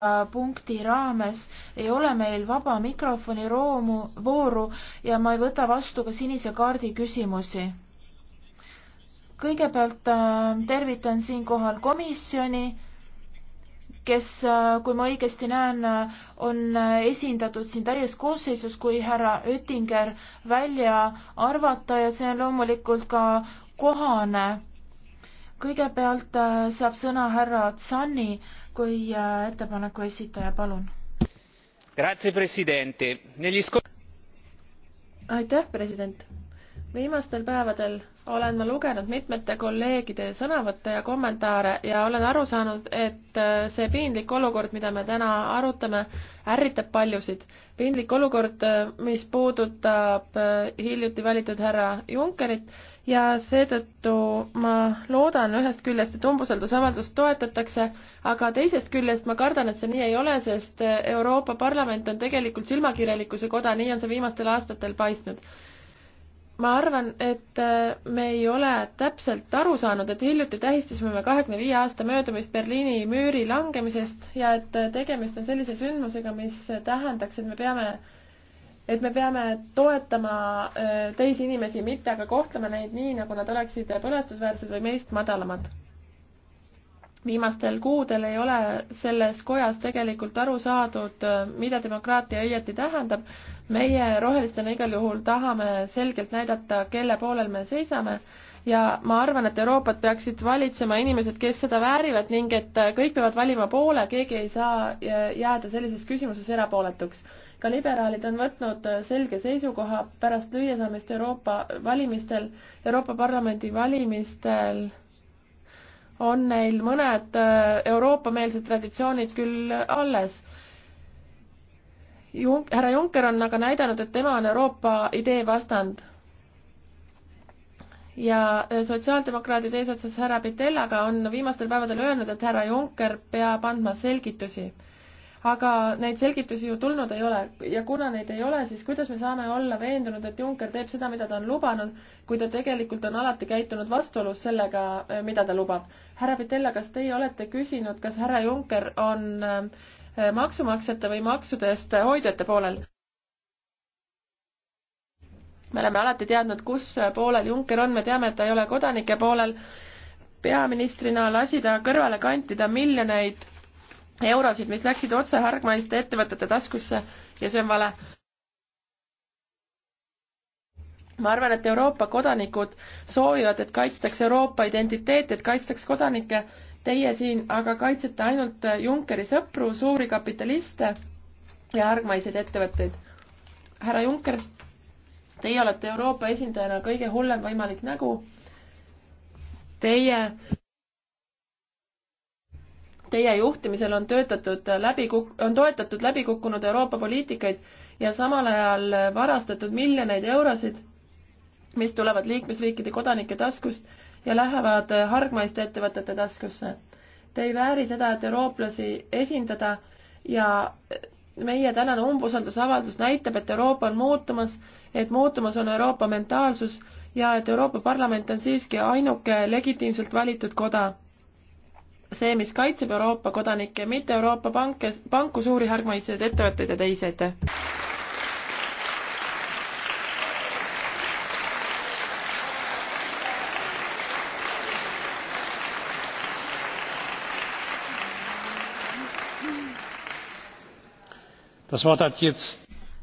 Äh, punkti raames ei ole meil vaba mikrofoni roomu, vooru ja ma ei võta vastu ka sinise kaardi küsimusi. kõigepealt äh, tervitan siinkohal komisjoni, kes, äh, kui ma õigesti näen, on esindatud siin täies koosseisus, kui härra Oettinger välja arvata ja see on loomulikult ka kohane kõigepealt saab sõna härra Tsani kui äh, ettepaneku esitaja, palun. aitäh, president. viimastel päevadel olen ma lugenud mitmete kolleegide sõnavõtte ja kommentaare ja olen aru saanud, et äh, see piinlik olukord, mida me täna arutame, ärritab paljusid. piinlik olukord, äh, mis puudutab hiljuti valitud härra Junckerit ja seetõttu ma loodan ühest küljest, et umbusaldusavaldust toetatakse, aga teisest küljest ma kardan, et see nii ei ole, sest Euroopa Parlament on tegelikult silmakirjalikkuse koda, nii on see viimastel aastatel paistnud. ma arvan, et äh, me ei ole täpselt aru saanud, et hiljuti tähistasime me kahekümne viie aasta möödumist Berliini müüri langemisest ja et äh, tegemist on sellise sündmusega, mis tähendaks, et me peame et me peame toetama äh, teisi inimesi, mitte aga kohtlema neid nii, nagu nad oleksid põlastusväärsed või meist madalamad. viimastel kuudel ei ole selles kojas tegelikult aru saadud, äh, mida demokraatia õieti tähendab. meie rohelistena igal juhul tahame selgelt näidata, kelle poolel me seisame ja ma arvan, et Euroopat peaksid valitsema inimesed, kes seda väärivad ning et kõik peavad valima poole, keegi ei saa äh, jääda sellises küsimuses erapooletuks ka liberaalid on võtnud äh, selge seisukoha pärast lüüasaamist Euroopa valimistel, Euroopa Parlamendi valimistel on neil mõned äh, Euroopa-meelsed traditsioonid küll alles Jun-, härra Juncker on aga näidanud, et tema on Euroopa idee vastand. ja äh, sotsiaaldemokraadid eesotsas härra Pitellaga on viimastel päevadel öelnud, et härra Juncker peab andma selgitusi aga neid selgitusi ju tulnud ei ole ja kuna neid ei ole, siis kuidas me saame olla veendunud, et Juncker teeb seda, mida ta on lubanud, kui ta tegelikult on alati käitunud vastuolus sellega, mida ta lubab. härra Pitella, kas teie olete küsinud, kas härra Juncker on äh, maksumaksjate või maksude eest hoidjate poolel? me oleme alati teadnud, kus poolel Juncker on, me teame, et ta ei ole kodanike poolel. peaministrina lasi ta kõrvale kantida miljoneid eurosid, mis läksid otse hargmaiste ettevõtete taskusse ja see on vale. ma arvan, et Euroopa kodanikud soovivad, et kaitstaks Euroopa identiteeti, et kaitstaks kodanikke. Teie siin aga kaitsete ainult Junckeri sõpru, suuri kapitaliste ja hargmaiseid ettevõtteid. härra Juncker, teie olete Euroopa esindajana kõige hullem võimalik nägu. Teie Teie juhtimisel on töötatud läbi, on toetatud läbikukkunud Euroopa poliitikaid ja samal ajal varastatud miljoneid eurosid, mis tulevad liikmesriikide kodanike taskust ja lähevad hargmaiste ettevõtete taskusse. Te ei vääri seda, et eurooplasi esindada ja meie tänane umbusaldusavaldus näitab, et Euroopa on muutumas, et muutumas on Euroopa mentaalsus ja et Euroopa Parlament on siiski ainuke legitiimselt valitud koda see, mis kaitseb Euroopa kodanikke, mitte Euroopa panke, panku, suuri hargmaiseid ettevõtteid ja teisi, aitäh!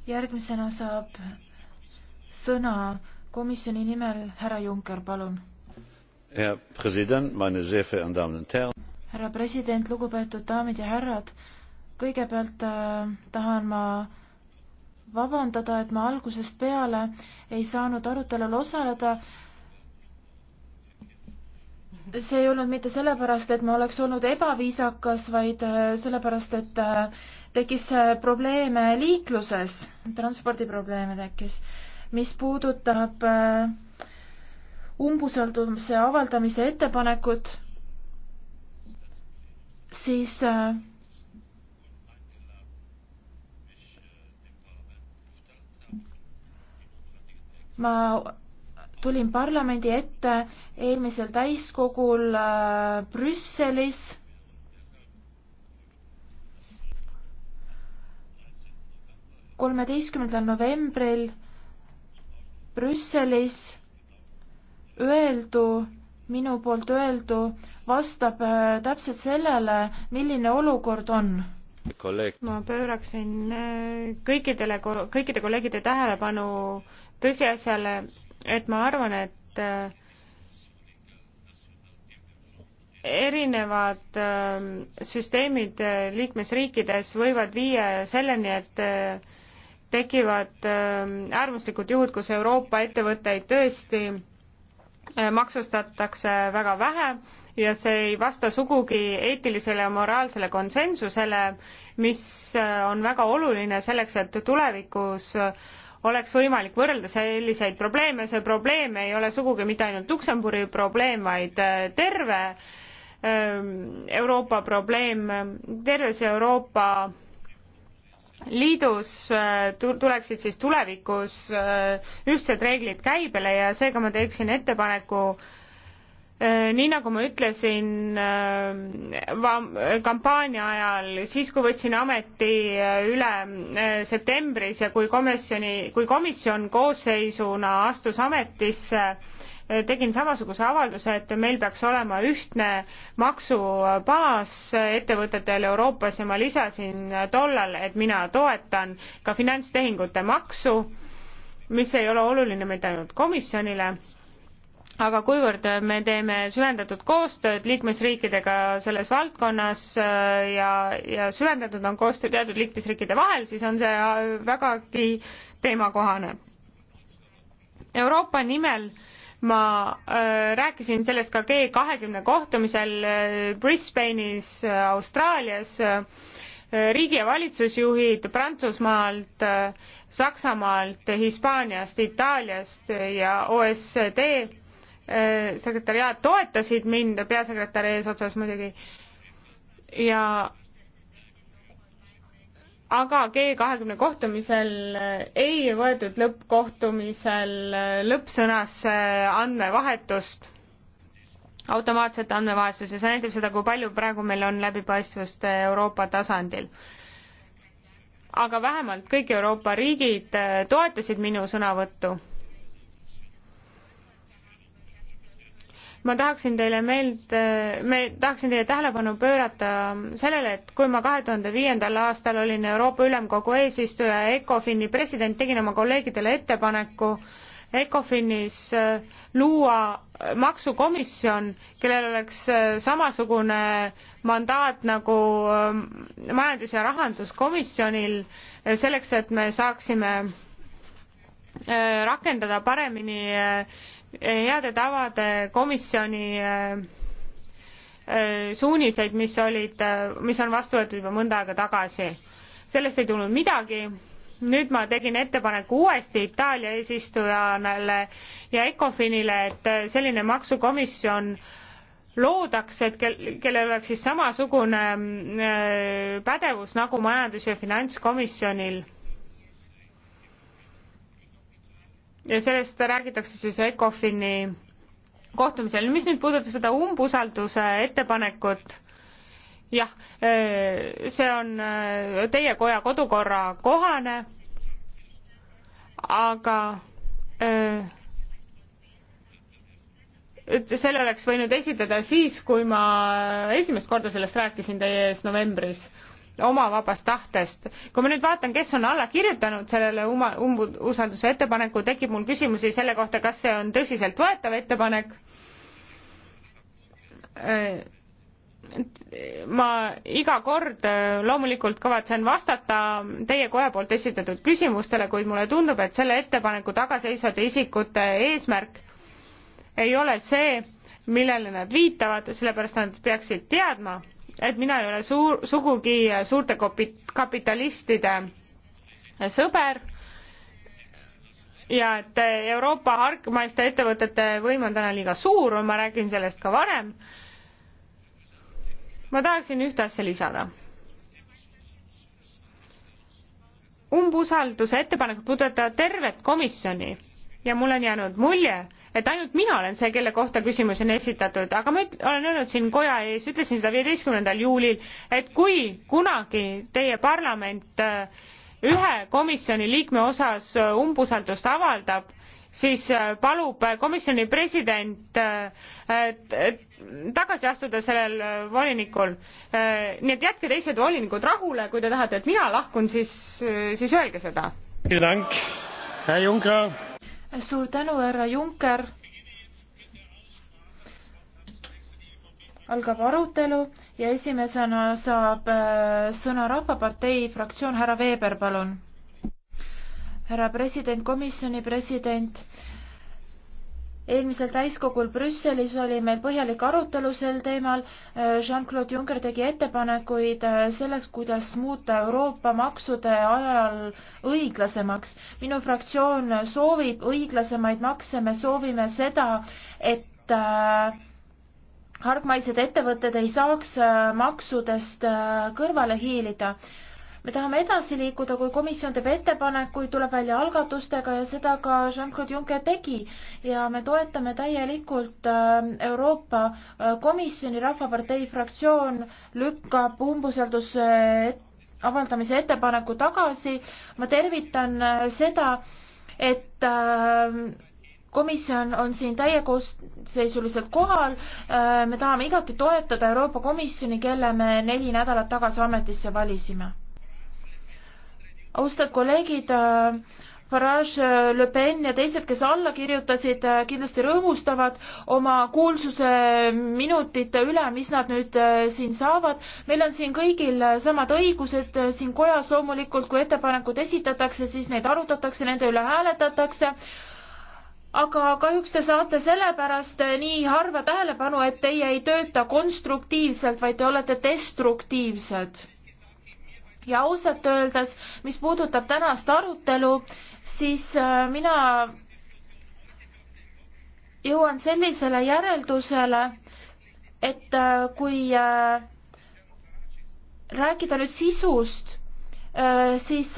järgmisena saab sõna komisjoni nimel härra Juncker, palun. Herr Präsident, meine sehr verehrten Damen und Herren! härra president, lugupeetud daamid ja härrad. kõigepealt äh, tahan ma vabandada, et ma algusest peale ei saanud arutelul osaleda. see ei olnud mitte sellepärast, et ma oleks olnud ebaviisakas, vaid äh, sellepärast, et äh, tekkis äh, probleeme liikluses, transpordiprobleeme tekkis, mis puudutab umbusaldumise avaldamise ettepanekut siis äh, ma tulin parlamendi ette eelmisel täiskogul äh, Brüsselis kolmeteistkümnendal novembril Brüsselis öeldu, minu poolt öeldu vastab äh, täpselt sellele, milline olukord on. ma pööraksin äh, kõikidele, kõikide kolleegide tähelepanu tõsiasjale, et ma arvan, et äh, erinevad süsteemid liikmesriikides võivad viia selleni, et tekivad äärmuslikud juhud, kus Euroopa ettevõtteid tõesti maksustatakse väga vähe ja see ei vasta sugugi eetilisele ja moraalsele konsensusele, mis äh, on väga oluline selleks, et tulevikus äh, oleks võimalik võrrelda selliseid probleeme, see probleem ei ole sugugi mitte ainult Luksemburgi probleem, vaid äh, terve ähm, Euroopa probleem, terves Euroopa liidus tuleksid siis tulevikus ühtsed reeglid käibele ja seega ma teeksin ettepaneku äh, Äh, nii nagu ma ütlesin äh, kampaania ajal, siis kui võtsin ameti äh, üle septembris ja kui komisjoni, kui komisjon koosseisuna astus ametisse, tegin samasuguse avalduse, et meil peaks olema ühtne maksubaas ettevõtetel Euroopas ja ma lisasin tollal, et mina toetan ka finantstehingute maksu, mis ei ole oluline mitte ainult komisjonile, aga kuivõrd me teeme süvendatud koostööd liikmesriikidega selles valdkonnas äh, ja, ja süvendatud on koostöö teatud liikmesriikide vahel, siis on see äh, vägagi teemakohane. Euroopa nimel ma äh, rääkisin sellest ka G kahekümne kohtumisel äh, Brisbane'is äh, Austraalias äh, riigi- ja valitsusjuhid Prantsusmaalt, äh, Saksamaalt, Hispaaniast, Itaaliast ja OSCD Äh, sekretäriaat toetasid mind, peasekretäri eesotsas muidugi, ja aga G kahekümne kohtumisel ei võetud lõppkohtumisel lõppsõnasse andmevahetust, automaatset andmevahetust ja see näitab seda, kui palju praegu meil on läbipaistvust Euroopa tasandil. aga vähemalt kõik Euroopa riigid toetasid minu sõnavõttu ma tahaksin teile meelde, me tahaksin teie tähelepanu pöörata sellele, et kui ma kahe tuhande viiendal aastal olin Euroopa Ülemkogu eesistuja ja ECOFIN-i president, tegin oma kolleegidele ettepaneku ECOFIN-is äh, luua äh, maksukomisjon, kellel oleks äh, samasugune mandaat nagu majandus- ja rahanduskomisjonil, selleks et me saaksime rakendada paremini heade tavade komisjoni äh, äh, suuniseid, mis olid, äh, mis on vastu võetud juba mõnda aega tagasi. sellest ei tulnud midagi, nüüd ma tegin ettepaneku uuesti Itaalia eesistujale ja ECOFINile, et selline maksukomisjon loodaks, et kel-, kellel oleks siis samasugune pädevus nagu majandus- ja finantskomisjonil ja sellest räägitakse siis ECOFIN-i kohtumisel. mis nüüd puudutab seda umbusalduse ettepanekut, jah, äh, see on äh, teie koja kodukorra kohane, aga äh, et selle oleks võinud esitada siis, kui ma esimest korda sellest rääkisin teie ees novembris oma vabast tahtest. kui ma nüüd vaatan, kes on alla kirjutanud sellele umbusalduse ettepaneku, tekib mul küsimusi selle kohta, kas see on tõsiseltvõetav ettepanek. ma iga kord äh, loomulikult kavatsen vastata teie koja poolt esitatud küsimustele, kuid mulle tundub, et selle ettepaneku taga seisvate isikute eesmärk ei ole see, millele nad viitavad, sellepärast nad peaksid teadma, et mina ei ole suur, sugugi suurte kopit, kapitalistide sõber ja et Euroopa hargmaiste ettevõtete võim on täna liiga suur, ma räägin sellest ka varem. ma tahaksin ühte asja lisada. umbusalduse ettepanekud puudutavad tervet komisjoni ja mul on jäänud mulje, et ainult mina olen see, kelle kohta küsimus on esitatud, aga ma olen öelnud siin koja ees, ütlesin seda viieteistkümnendal juulil, et kui kunagi teie parlament äh, ühe komisjoni liikme osas äh, umbusaldust avaldab, siis äh, palub komisjoni president tagasi astuda sellel volinikul. nii et jätke teised volinikud rahule, kui te tahate, et mina lahkun, siis, siis öelge seda. Dank, Herr Juncker suur tänu, härra Junker. algab arutelu ja esimesena saab äh, sõna Rahvapartei fraktsioon, härra Veeber, palun. härra president, komisjoni president eelmisel täiskogul Brüsselis oli meil põhjalik arutelu sel teemal. Äh, Jean-Claude Juncker tegi ettepanekuid äh, selleks, kuidas muuta Euroopa maksude ajal õiglasemaks. minu fraktsioon soovib õiglasemaid makse, me soovime seda, et äh, hargmaised ettevõtted ei saaks maksudest kõrvale hiilida me tahame edasi liikuda, kui komisjon teeb ettepanekuid, tuleb välja algatustega ja seda ka Jean-Claude Juncker tegi ja me toetame täielikult äh, Euroopa äh, Komisjoni Rahvapartei fraktsioon lükkab umbusalduse avaldamise ettepaneku tagasi. ma tervitan äh, seda, et komisjon on siin täiekoosseisuliselt kohal. me tahame igati toetada Euroopa Komisjoni, kelle me neli nädalat tagasi ametisse valisime austajad kolleegid, äh, Farage, äh, Le Pen ja teised, kes alla kirjutasid, äh, kindlasti rõõmustavad oma kuulsuse minutite üle, mis nad nüüd siin saavad. meil on siin kõigil samad õigused siin kojas loomulikult, kui ettepanekud esitatakse, siis neid arutatakse, nende üle hääletatakse aga kahjuks te saate sellepärast nii harva tähelepanu, et teie ei tööta konstruktiivselt, vaid te olete destruktiivsed ja ausalt öeldes, mis puudutab tänast arutelu, siis äh, mina jõuan sellisele järeldusele, et äh, kui äh, rääkida nüüd sisust, siis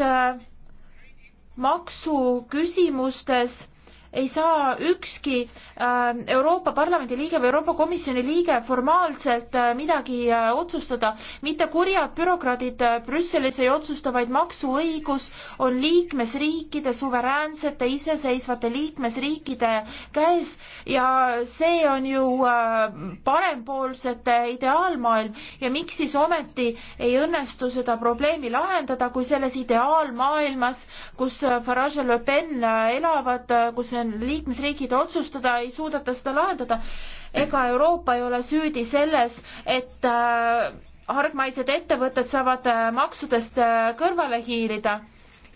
maksuküsimustes ei saa ükski äh, Euroopa Parlamendi liige või Euroopa Komisjoni liige formaalselt äh, midagi äh, otsustada. mitte kurjad bürokraadid Brüsselis ei otsusta, vaid maksuõigus on liikmesriikide, suveräänsete, iseseisvate liikmesriikide käes ja see on ju parempoolsete ideaalmaailm ja miks siis ometi ei õnnestu seda probleemi lahendada, kui selles ideaalmaailmas, kus Farage ja Le Pen elavad, kus see on liikmesriikide otsustada, ei suudeta seda lahendada. ega Euroopa ei ole süüdi selles, et äh, hargmaised ettevõtted saavad äh, maksudest äh, kõrvale hiilida.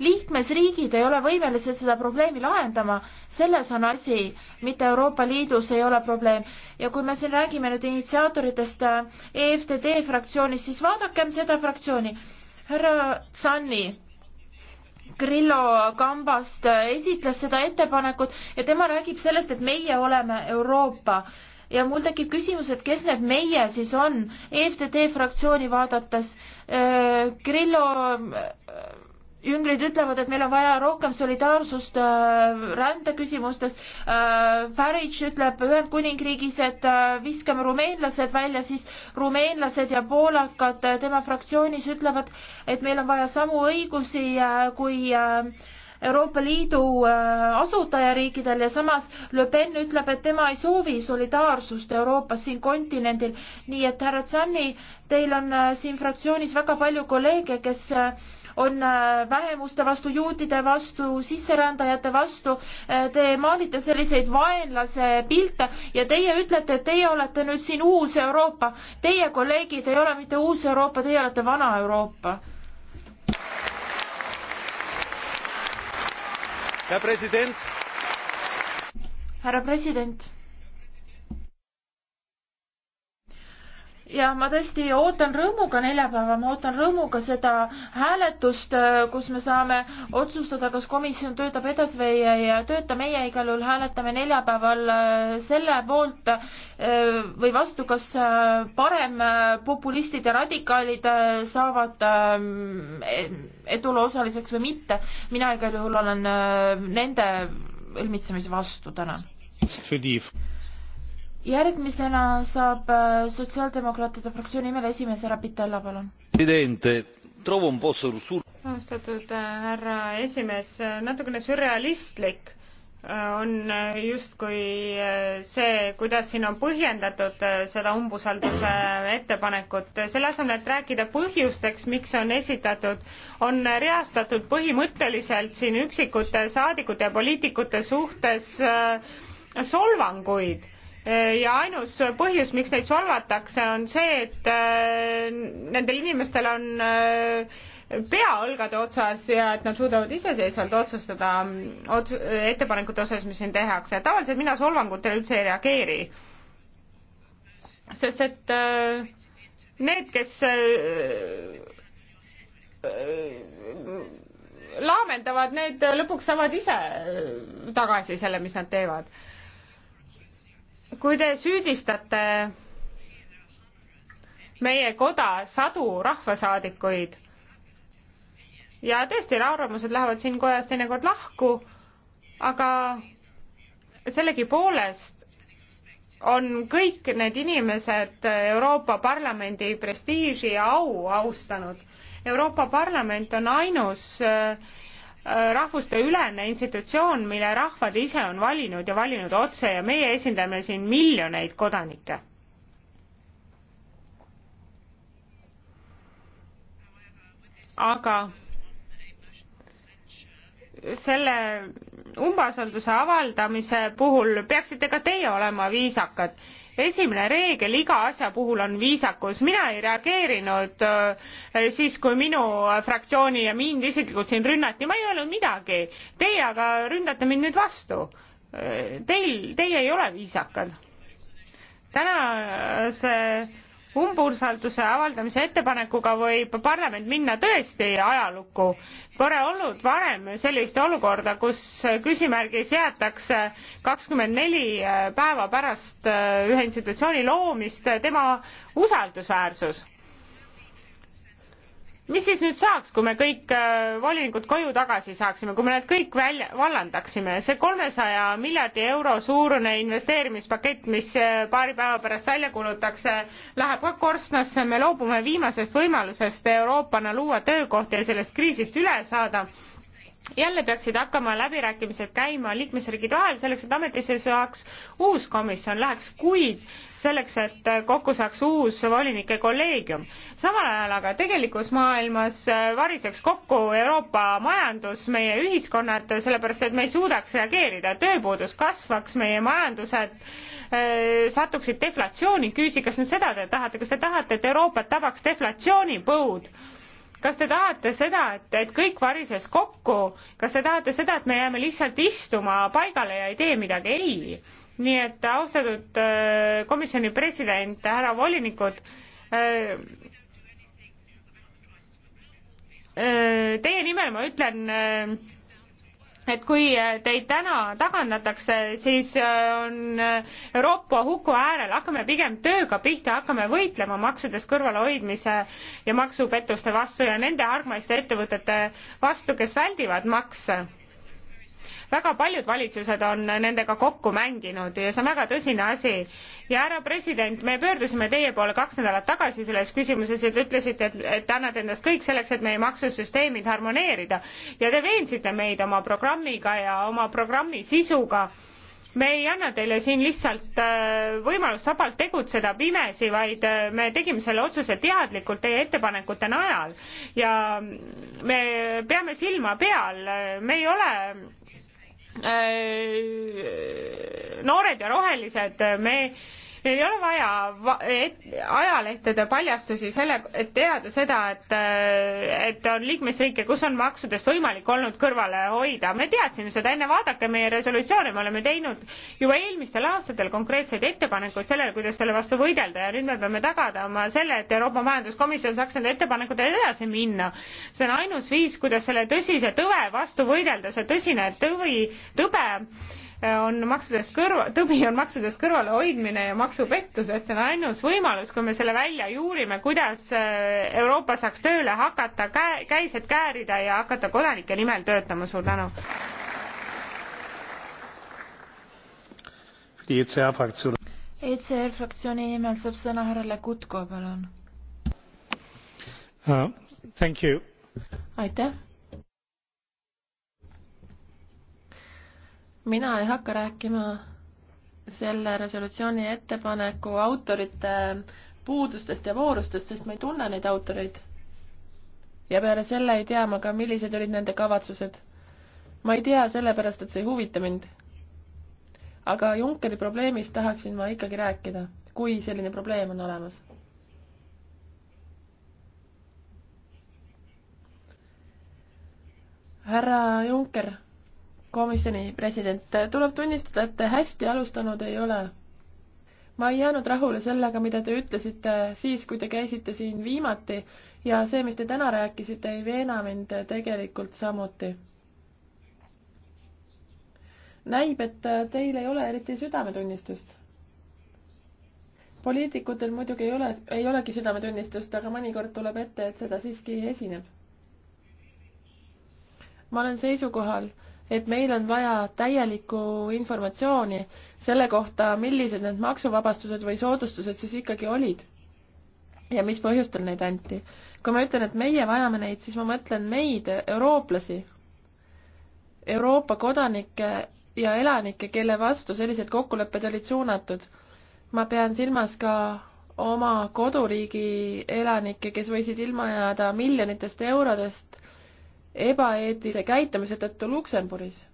liikmesriigid ei ole võimelised seda probleemi lahendama, selles on asi, mitte Euroopa Liidus ei ole probleem. ja kui me siin räägime nüüd initsiaatoritest EFTD fraktsioonist, siis vaadakem seda fraktsiooni. härra Tsanni Grillo kambast esitles seda ettepanekut ja tema räägib sellest, et meie oleme Euroopa ja mul tekib küsimus, et kes need meie siis on, EFTD fraktsiooni vaadates äh,, Grillo äh, jüngrid ütlevad, et meil on vaja rohkem solidaarsust äh, rändeküsimustes äh,. Farage ütleb Ühendkuningriigis, et äh, viskame rumeenlased välja, siis rumeenlased ja poolakad äh, tema fraktsioonis ütlevad, et meil on vaja samu õigusi äh, kui äh, Euroopa Liidu äh, asutajariikidel ja samas Le Pen ütleb, et tema ei soovi solidaarsust Euroopas siin kontinendil. nii et härra Tsanni, teil on äh, siin fraktsioonis väga palju kolleege, kes äh, on äh, vähemuste vastu, juutide vastu, sisserändajate vastu. Äh, te maalite selliseid vaenlase pilte ja teie ütlete, et teie olete nüüd siin uus Euroopa. Teie kolleegid ei ole mitte uus Euroopa, teie olete vana Euroopa härra president härra president ja ma tõesti ootan rõõmuga neljapäeva, ma ootan rõõmuga seda hääletust, kus me saame otsustada, kas komisjon töötab edasi või ei tööta. meie igal juhul hääletame neljapäeval äh, selle poolt äh, või vastu, kas äh, parem populistid ja radikaalid saavad e-, eduloo osaliseks või mitte. mina igal juhul olen nende õlmitsemise vastu, tänan järgmisena saab äh, sotsiaaldemokraatide fraktsiooni nimel esimees härra Pitella, palun. austatud äh, härra esimees, äh, natukene sürrealistlik on justkui see, kuidas siin on põhjendatud seda umbusalduse ettepanekut. selle asemel, et rääkida põhjusteks, miks on esitatud, on reastatud põhimõtteliselt siin üksikute saadikute ja poliitikute suhtes solvanguid Äh, ja ainus põhjus, miks neid solvatakse, on see, et äh, nendel inimestel on äh, pea õlgade otsas ja et nad suudavad iseseisvalt otsustada ots-, ettepanekute osas, mis siin tehakse. tavaliselt mina solvangutele üldse ei reageeri, sest et need, kes laamendavad, need lõpuks saavad ise tagasi selle, mis nad teevad kui te süüdistate meie koda sadu rahvasaadikuid ja tõesti, arvamused lähevad siin kojas teinekord lahku, aga sellegipoolest on kõik need inimesed Euroopa Parlamendi prestiiži ja au austanud. Euroopa Parlament on ainus äh, Äh, rahvusteülene institutsioon, mille rahvad ise on valinud ja valinud otse ja meie esindame siin miljoneid kodanikke. aga selle umbasalduse avaldamise puhul peaksite ka teie olema viisakad esimene reegel iga asja puhul on viisakus. mina ei reageerinud äh, siis, kui minu fraktsiooni ja mind isiklikult siin rünnati, ma ei öelnud midagi. Teie aga ründate mind nüüd vastu. Äh, teil, teie ei ole viisakad. tänase umbusalduse avaldamise ettepanekuga võib parlament minna tõesti ajalukku. Pole olnud varem sellist olukorda, kus küsimärgi seatakse kakskümmend neli päeva pärast ühe institutsiooni loomist tema usaldusväärsus mis siis nüüd saaks, kui me kõik äh, volinikud koju tagasi saaksime, kui me need kõik välja, vallandaksime, see kolmesaja miljardi euro suurune investeerimispakett, mis äh, paari päeva pärast välja kuulutakse, läheb ka korstnasse, me loobume viimasest võimalusest Euroopana luua töökohti ja sellest kriisist üle saada jälle peaksid hakkama läbirääkimised käima liikmesriigid vahel selleks, et ametisse saaks uus komisjon, läheks kuid selleks, et kokku saaks uus volinike kolleegium. samal ajal aga tegelikus maailmas äh, variseks kokku Euroopa majandus, meie ühiskonnad, sellepärast et me ei suudaks reageerida, tööpuudus kasvaks, meie majandused äh, satuksid deflatsiooni küüsi, kas nüüd seda te tahate, kas te tahate, et Euroopat tabaks deflatsioonipõud? kas te tahate seda, et, et kõik varises kokku, kas te tahate seda, et me jääme lihtsalt istuma paigale ja ei tee midagi? ei, nii et austatud äh, komisjoni president, härra volinikud, äh, äh, teie nimel ma ütlen, et kui teid täna tagandatakse, siis on Euroopa huku äärel, hakkame pigem tööga pihta, hakkame võitlema maksudest kõrvalehoidmise ja maksupettuste vastu ja nende armaste ettevõtete vastu, kes väldivad makse väga paljud valitsused on nendega kokku mänginud ja see on väga tõsine asi. ja härra president, me pöördusime teie poole kaks nädalat tagasi selles küsimuses ja te ütlesite, et, et te annate endast kõik selleks, et meie maksusüsteemid harmoneerida ja te veensite meid oma programmiga ja oma programmi sisuga me ei anna teile siin lihtsalt äh, võimalust vabalt tegutseda pimesi, vaid äh, me tegime selle otsuse teadlikult teie ettepanekute najal ja me peame silma peal, me ei ole Äh, noored ja rohelised, me ei ole vaja va et, ajalehtede paljastusi selle, et teada seda, et, et on liikmesriike, kus on maksudest võimalik olnud kõrvale hoida. me teadsime seda enne, vaadake meie resolutsioone, me oleme teinud juba eelmistel aastatel konkreetseid ettepanekuid sellele, kuidas selle vastu võidelda ja nüüd me peame tagama selle, et Euroopa Majanduskomisjon saaks nende ettepanekutega edasi minna. see on ainus viis, kuidas selle tõsise tõve vastu võidelda, see tõsine tõvi, tõbe on maksudest kõrva, tõbi on maksudest kõrvalehoidmine ja maksupettused, see on ainus võimalus, kui me selle välja juurime, kuidas äh, Euroopa saaks tööle hakata, käised käärida ja hakata kodanike nimel töötama, suur tänu. ECR fraktsiooni nimel saab sõna härra Legutko, palun uh,. aitäh mina ei hakka rääkima selle resolutsiooni ettepaneku autorite puudustest ja voorustest, sest ma ei tunne neid autoreid. ja peale selle ei tea ma ka, millised olid nende kavatsused. ma ei tea sellepärast, et see ei huvita mind. aga Junckeri probleemist tahaksin ma ikkagi rääkida, kui selline probleem on olemas. härra Juncker komisjoni president, tuleb tunnistada, et te hästi alustanud ei ole. ma ei jäänud rahule sellega, mida te ütlesite siis, kui te käisite siin viimati ja see, mis te täna rääkisite, ei veena mind tegelikult samuti. näib, et teil ei ole eriti südametunnistust. poliitikutel muidugi ei ole, ei olegi südametunnistust, aga mõnikord tuleb ette, et seda siiski esineb. ma olen seisukohal et meil on vaja täielikku informatsiooni selle kohta, millised need maksuvabastused või soodustused siis ikkagi olid ja mis põhjustel neid anti. kui ma ütlen, et meie vajame neid, siis ma mõtlen meid, eurooplasi, Euroopa kodanikke ja elanikke, kelle vastu sellised kokkulepped olid suunatud. ma pean silmas ka oma koduriigi elanikke, kes võisid ilma jääda miljonitest eurodest ebaeetilise käitumise tõttu Luksemburgis.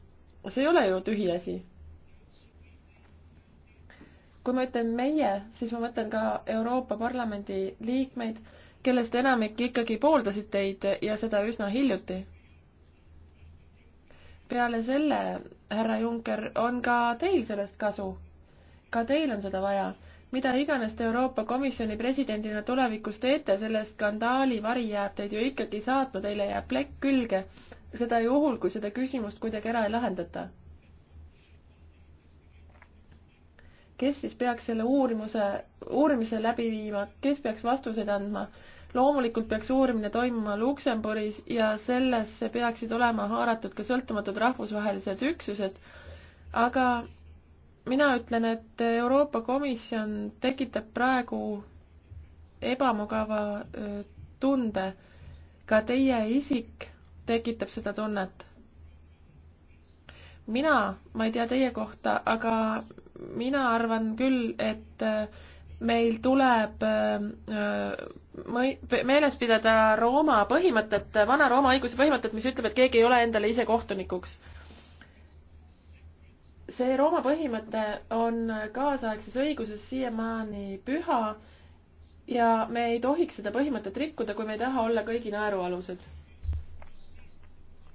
see ei ole ju tühiasi. kui ma ütlen meie, siis ma mõtlen ka Euroopa Parlamendi liikmeid, kellest enamik ikkagi pooldasid teid ja seda üsna hiljuti. peale selle, härra Juncker, on ka teil sellest kasu. ka teil on seda vaja mida iganes te Euroopa Komisjoni presidendina tulevikus teete, selle skandaali vari jääb teid ju ikkagi saatma, teile jääb plekk külge. seda juhul, kui seda küsimust kuidagi ära ei lahendata. kes siis peaks selle uurimuse, uurimise läbi viima, kes peaks vastuseid andma? loomulikult peaks uurimine toimuma Luksemburis ja sellesse peaksid olema haaratud ka sõltumatud rahvusvahelised üksused, aga mina ütlen, et Euroopa Komisjon tekitab praegu ebamugava tunde. ka teie isik tekitab seda tunnet. mina, ma ei tea teie kohta, aga mina arvan küll, et meil tuleb meeles pidada Rooma põhimõtet, Vana-Rooma õiguse põhimõtet, mis ütleb, et keegi ei ole endale ise kohtunikuks see Rooma põhimõte on kaasaegses õiguses siiamaani püha ja me ei tohiks seda põhimõtet rikkuda, kui me ei taha olla kõigi naerualused.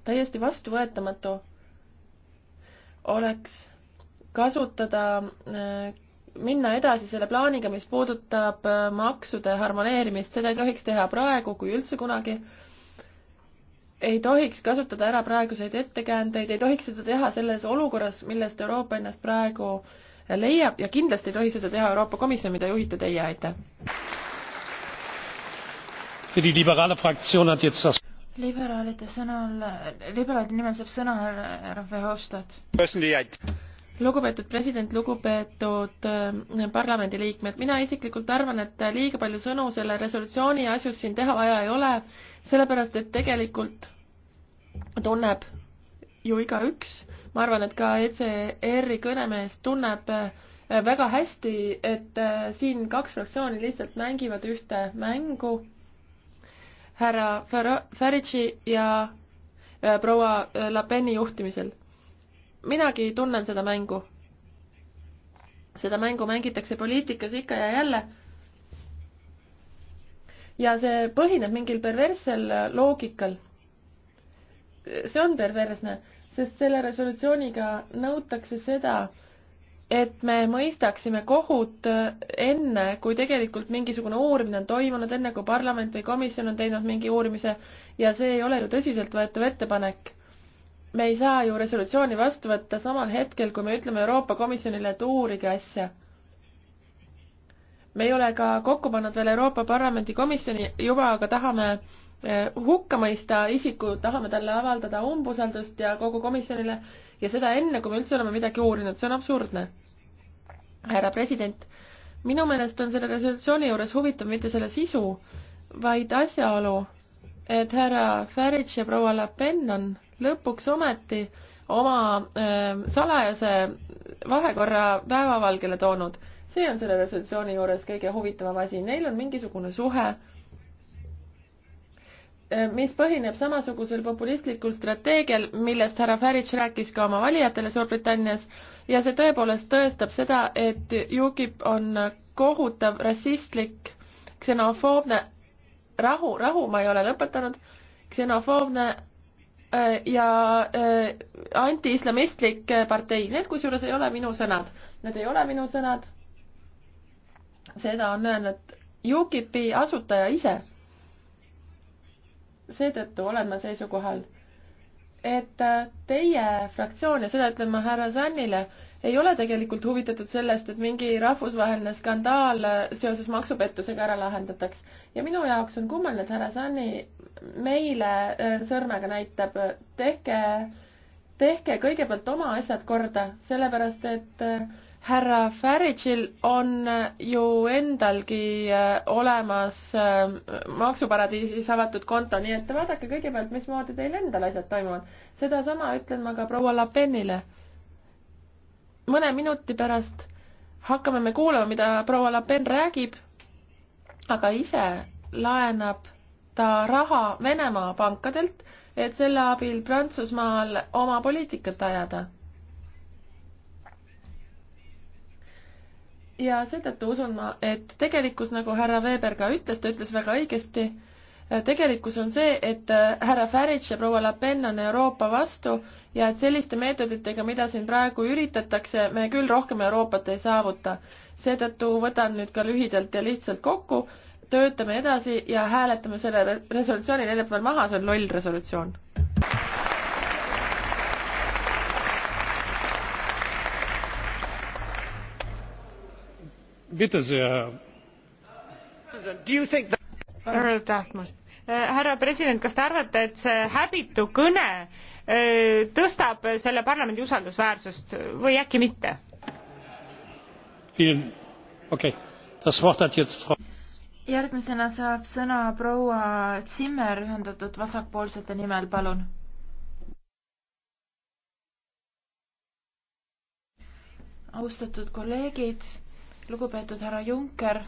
täiesti vastuvõetamatu oleks kasutada, äh, minna edasi selle plaaniga, mis puudutab äh, maksude harmoneerimist, seda ei tohiks teha praegu kui üldse kunagi ei tohiks kasutada ära praeguseid ettekäändeid, ei tohiks seda teha selles olukorras, millest Euroopa ennast praegu leiab ja kindlasti ei tohi seda teha Euroopa Komisjon, mida juhite teie, aitäh. liberaalide sõnal, liberaalide nimel saab sõna härra Verhofstadt lugupeetud president, lugupeetud äh, parlamendiliikmed, mina isiklikult arvan, et liiga palju sõnu selle resolutsiooni asjus siin teha vaja ei ole, sellepärast et tegelikult tunneb ju igaüks, ma arvan, et ka ECR-i kõnemees tunneb äh, väga hästi, et äh, siin kaks fraktsiooni lihtsalt mängivad ühte mängu. härra Farage'i ja äh, proua Le Peni juhtimisel. minagi tunnen seda mängu. seda mängu mängitakse poliitikas ikka ja jälle. ja see põhineb mingil perverssel loogikal see on perversne, sest selle resolutsiooniga nõutakse seda, et me mõistaksime kohut enne, kui tegelikult mingisugune uurimine on toimunud, enne kui parlament või komisjon on teinud mingi uurimise ja see ei ole ju tõsiseltvõetav ettepanek. me ei saa ju resolutsiooni vastu võtta samal hetkel, kui me ütleme Euroopa Komisjonile, et uurige asja. me ei ole ka kokku pannud veel Euroopa Parlamendi komisjoni juba, aga tahame Eh, hukka mõista isiku, tahame talle avaldada umbusaldust ja kogu komisjonile ja seda enne, kui me üldse oleme midagi uurinud, see on absurdne. härra president, minu meelest on selle resolutsiooni juures huvitav mitte selle sisu, vaid asjaolu, et härra Farage ja proua Le Pen on lõpuks ometi oma äh, salajase vahekorra päevavalgele toonud. see on selle resolutsiooni juures kõige huvitavam asi, neil on mingisugune suhe äh, Äh, mis põhineb samasugusel populistlikul strateegial, millest härra Farage rääkis ka oma valijatele Suurbritannias ja see tõepoolest tõestab seda, et UKIP on kohutav rassistlik, ksenofoobne, rahu, rahu ma ei ole lõpetanud, ksenofoobne äh, ja äh, antiislamistlik partei, need kusjuures ei ole minu sõnad, need ei ole minu sõnad, seda on öelnud UKIP-i asutaja ise seetõttu olen ma seisukohal, et teie fraktsioon ja seda ütlen ma härra Sannile, ei ole tegelikult huvitatud sellest, et mingi rahvusvaheline skandaal seoses maksupettusega ära lahendataks. ja minu jaoks on kummaline, et härra Sanni meile äh, sõrmega näitab, tehke, tehke kõigepealt oma asjad korda, sellepärast et äh, härra Farage'il on ju endalgi äh, olemas äh, maksuparadiisis avatud konto, nii et vaadake kõigepealt, mismoodi teil endal asjad toimuvad. sedasama ütlen ma ka proua Le Penile. mõne minuti pärast hakkame me kuulama, mida proua Le Pen räägib, aga ise laenab ta raha Venemaa pankadelt, et selle abil Prantsusmaal oma poliitikat ajada ja seetõttu usun ma, et tegelikkus, nagu härra Weber ka ütles, ta ütles väga õigesti, äh, tegelikkus on see, et äh, härra Farage ja proua Le Pen on Euroopa vastu ja et selliste meetoditega, mida siin praegu üritatakse, me küll rohkem Euroopat ei saavuta. seetõttu võtan nüüd ka lühidalt ja lihtsalt kokku, töötame edasi ja hääletame selle resolutsiooni neljapäeval maha, see on loll resolutsioon. härra Tahtmas, eh, härra president, kas te arvate, et see häbitu kõne eh, tõstab selle parlamendi usaldusväärsust või äkki mitte? Okay. järgmisena saab sõna proua Zimmer ühendatud vasakpoolsete nimel, palun. austatud kolleegid lugupeetud härra Juncker,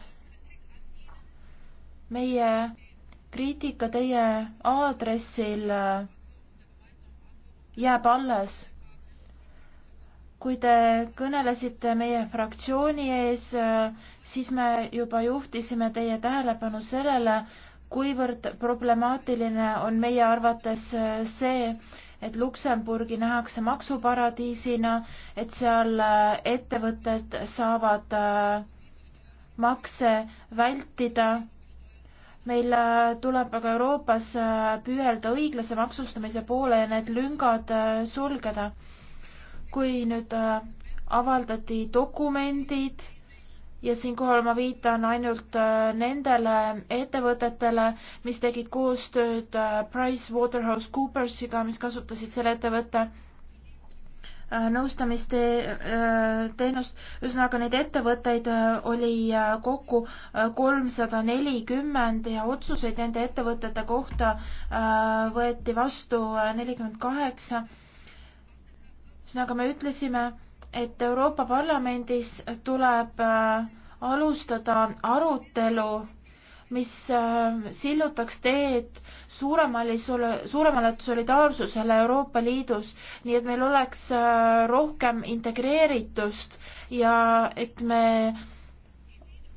meie kriitika teie aadressil äh, jääb alles. kui te kõnelesite meie fraktsiooni ees, äh, siis me juba juhtisime teie tähelepanu sellele, kuivõrd problemaatiline on meie arvates äh, see, et Luksemburgi nähakse maksuparadiisina, et seal äh, ettevõtted saavad äh, makse vältida. meil äh, tuleb aga Euroopas püüelda õiglase maksustamise poole ja need lüngad sulgeda. kui nüüd avaldati dokumendid ja siinkohal ma viitan ainult äh, nendele ettevõtetele, mis tegid koostööd äh, PricewaterhouseCoopersiga, mis kasutasid selle ettevõtte äh, nõustamisteenust, ühesõnaga neid ettevõtteid oli kokku kolmsada nelikümmend ja otsuseid nende ettevõtete kohta võeti vastu nelikümmend kaheksa. ühesõnaga me ütlesime, et Euroopa Parlamendis tuleb äh, alustada arutelu, mis äh, sillutaks teed suuremale, suuremale solidaarsusele Euroopa Liidus, nii et meil oleks äh, rohkem integreeritust ja et me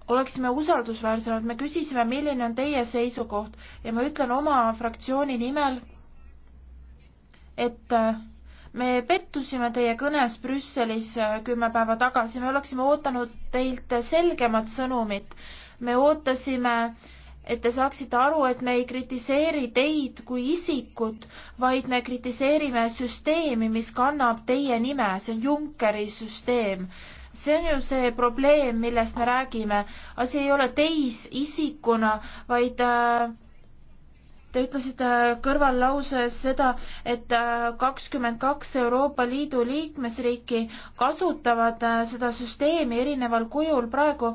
oleksime usaldusväärsemad, me küsisime, milline on teie seisukoht ja ma ütlen oma fraktsiooni nimel, et me pettusime teie kõnes Brüsselis äh, kümme päeva tagasi, me oleksime ootanud teilt selgemat sõnumit. me ootasime, et te saaksite aru, et me ei kritiseeri teid kui isikut, vaid me kritiseerime süsteemi, mis kannab teie nime, see on Junckeri süsteem. see on ju see probleem, millest me räägime. asi ei ole teis isikuna, vaid äh, Te ütlesite kõrvallauses seda, et kakskümmend kaks Euroopa Liidu liikmesriiki kasutavad seda süsteemi erineval kujul praegu.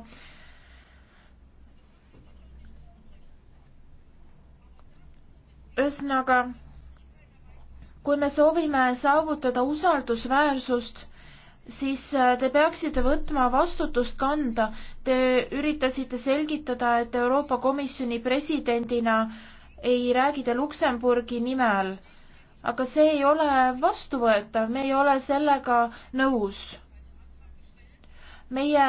ühesõnaga, kui me soovime saavutada usaldusväärsust, siis te peaksite võtma vastutust kanda. Te üritasite selgitada, et Euroopa Komisjoni presidendina äh, ei räägi ta Luksemburgi nimel. aga see ei ole vastuvõetav, me ei ole sellega nõus. meie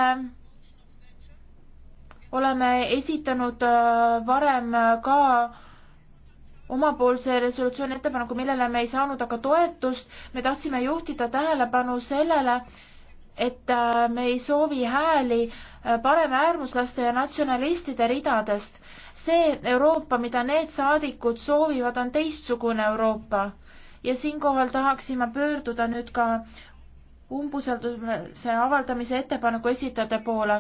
oleme esitanud äh, varem ka omapoolse resolutsiooni ettepaneku, millele me ei saanud aga toetust. me tahtsime juhtida tähelepanu sellele, et äh, me ei soovi hääli äh, paremäärmuslaste ja natsionalistide ridadest see Euroopa, mida need saadikud soovivad, on teistsugune Euroopa ja siinkohal tahaksin ma pöörduda nüüd ka umbusalduse avaldamise ettepaneku esitajate poole.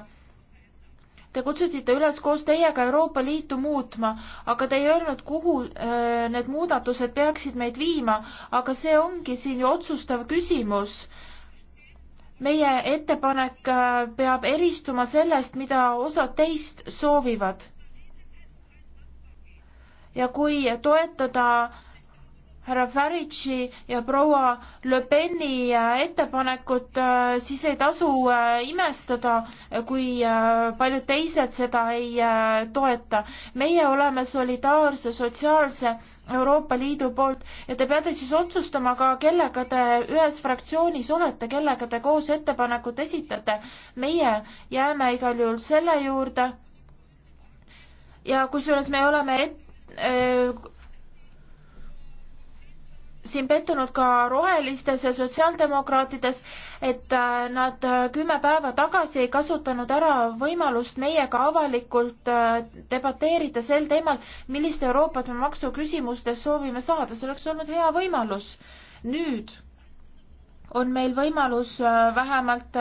Te kutsusite üles koos teiega Euroopa Liitu muutma, aga te ei öelnud, kuhu äh, need muudatused peaksid meid viima, aga see ongi siin ju otsustav küsimus meie ettepanek äh, peab eristuma sellest, mida osad teist soovivad ja kui toetada härra Farage'i ja proua Le Peni äh, ettepanekut, äh, siis ei tasu äh, imestada, kui paljud teised seda ei toeta. meie oleme solidaarse sotsiaalse Euroopa Liidu poolt ja te peate siis otsustama ka, kellega te ühes fraktsioonis olete, kellega te koos ettepanekut esitate. meie jääme igal juhul selle juurde. ja kusjuures me oleme ette Äh, siin pettunud ka rohelistes ja sotsiaaldemokraatides, et äh, nad äh, kümme päeva tagasi ei kasutanud ära võimalust meiega avalikult debateerida sel teemal, millist Euroopat me maksuküsimustes soovime saada, see oleks olnud hea võimalus. nüüd on meil võimalus vähemalt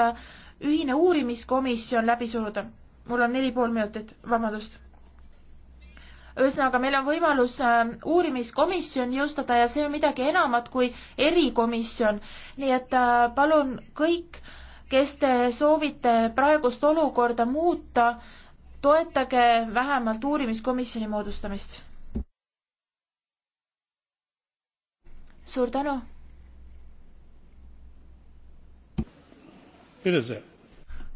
ühine uurimiskomisjon läbi suruda. mul on neli pool minutit, vabandust ühesõnaga, meil on võimalus ähm, uurimiskomisjon jõustada ja see on midagi enamat kui erikomisjon. nii et äh, palun kõik, kes te soovite praegust olukorda muuta, toetage vähemalt uurimiskomisjoni moodustamist. suur tänu.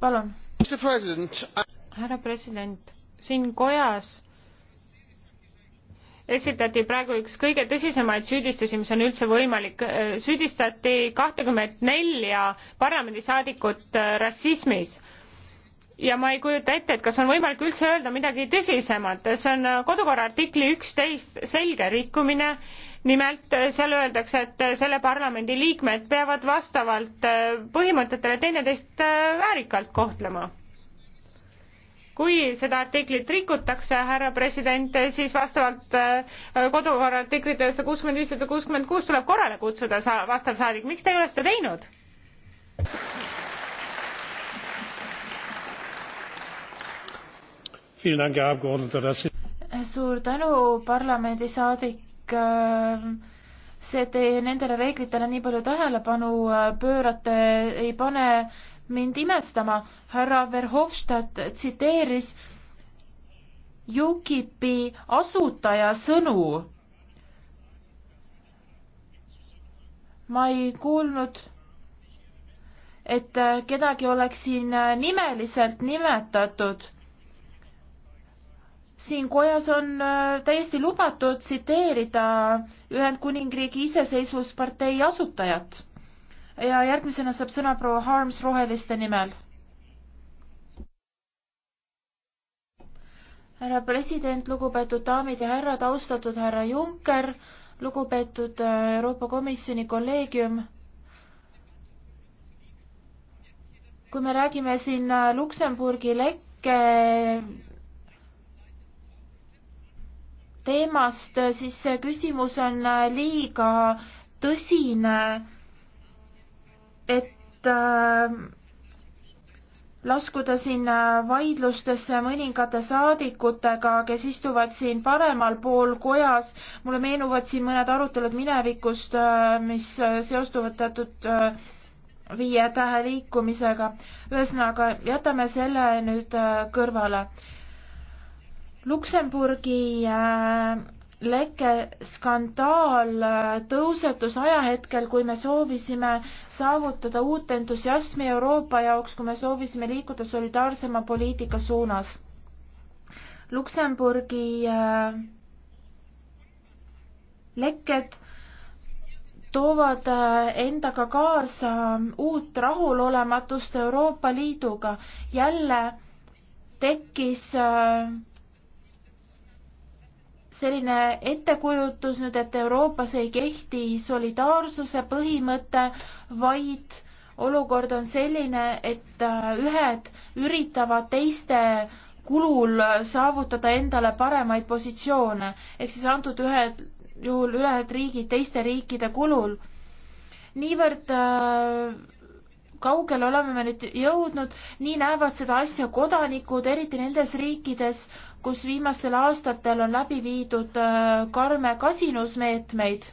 palun. härra president, siin kojas esitati praegu üks kõige tõsisemaid süüdistusi, mis on üldse võimalik. süüdistati kahtekümmet nelja parlamendisaadikut äh, rassismis. ja ma ei kujuta ette, et kas on võimalik üldse öelda midagi tõsisemat, see on äh, kodukorra artikli üksteist selge rikkumine, nimelt äh, seal öeldakse, et selle parlamendi liikmed peavad vastavalt põhimõtetele teineteist väärikalt kohtlema kui seda artiklit rikutakse, härra president, siis vastavalt äh, kodukorra artiklitele sada kuuskümmend viis, sada kuuskümmend kuus tuleb korrale kutsuda sa-, vastav saadik, miks te ei ole seda teinud? suur tänu, parlamendisaadik, ähm, see, et te nendele reeglitele nii palju tähelepanu äh, pöörate, ei pane mind imestama. härra Verhofstadt tsiteeris UKIP-i asutaja sõnu. ma ei kuulnud, et kedagi oleks siin nimeliselt nimetatud siin kojas on täiesti lubatud tsiteerida Ühendkuningriigi iseseisvuspartei asutajat ja järgmisena saab sõna proua Harms roheliste nimel. härra president, lugupeetud daamid ja härrad, austatud härra Juncker, lugupeetud äh, Euroopa Komisjoni kolleegium kui me räägime siin äh, Luksemburgi lekke teemast, äh, siis see küsimus on liiga tõsine et äh, laskuda siin äh, vaidlustesse mõningate saadikutega, kes istuvad siin paremal pool kojas. mulle meenuvad siin mõned arutelud minevikust, äh, mis seostuvad teatud viie tähe liikumisega. ühesõnaga, jätame selle nüüd kõrvale. Luksemburgi äh, lekeskandaal äh, tõusetus ajahetkel, kui me soovisime saavutada uut entusiasmi Euroopa jaoks, kui me soovisime liikuda solidaarsema poliitika suunas. Luksemburgi äh, lekked toovad äh, endaga kaasa uut rahulolematust Euroopa Liiduga. jälle tekkis äh, selline ettekujutus nüüd, et Euroopas ei kehti solidaarsuse põhimõte, vaid olukord on selline, et äh, ühed üritavad teiste kulul saavutada endale paremaid positsioone, ehk siis antud ühed juhul ühed riigid teiste riikide kulul. niivõrd äh, kaugele oleme me nüüd jõudnud, nii näevad seda asja kodanikud, eriti nendes riikides, kus viimastel aastatel on läbi viidud äh, karme kasinusmeetmeid.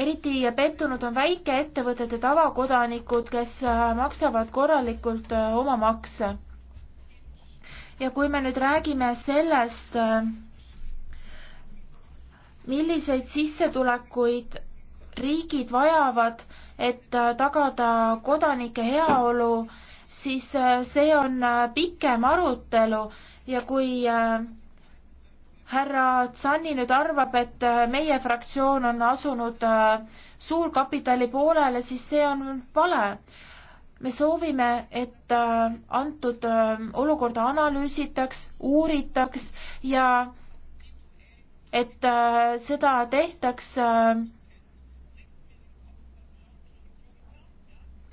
eriti pettunud on väikeettevõtete tavakodanikud, kes äh, maksavad korralikult äh, oma makse. ja kui me nüüd räägime sellest, milliseid sissetulekuid riigid vajavad, et äh, tagada kodanike heaolu, siis äh, see on äh, pikem arutelu ja kui härra Tsani nüüd arvab, et meie fraktsioon on asunud suurkapitali poolele, siis see on vale. me soovime, et antud olukorda analüüsitaks, uuritaks ja et seda tehtaks äh,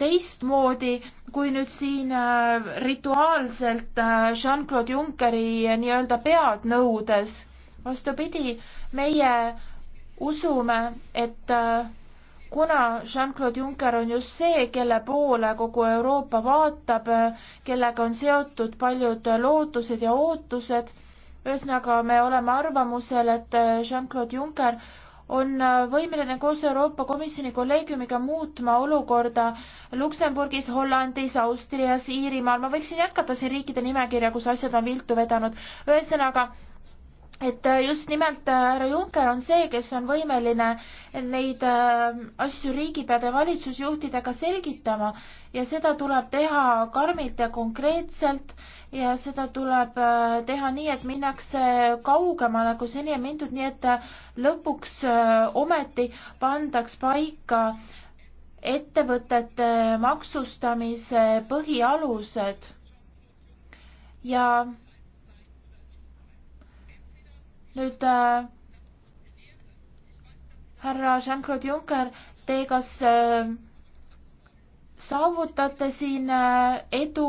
teistmoodi, kui nüüd siin äh, rituaalselt äh, Jean-Claude Junckeri äh, nii-öelda pead nõudes. vastupidi, meie usume, et kuna Jean-Claude Juncker on just see, kelle poole kogu Euroopa vaatab, kellega on seotud paljud lootused ja ootused, ühesõnaga me oleme arvamusel, et Jean-Claude Juncker on äh, võimeline koos Euroopa Komisjoni kolleegiumiga muutma olukorda Luksemburgis, Hollandis, Austrias, Iirimaal, ma võiksin jätkata siin riikide nimekirja, kus asjad on viltu vedanud. ühesõnaga, et äh, just nimelt äh, härra Juncker on see, kes on võimeline neid äh, asju riigipeade valitsusjuhtidega selgitama ja seda tuleb teha karmilt ja konkreetselt ja seda tuleb teha nii, et minnakse kaugemale, kui seni on mindud, nii et lõpuks ometi pandaks paika ettevõtete maksustamise põhialused ja nüüd äh, härra Jean-Claude Juncker, te kas äh, saavutate siin äh, edu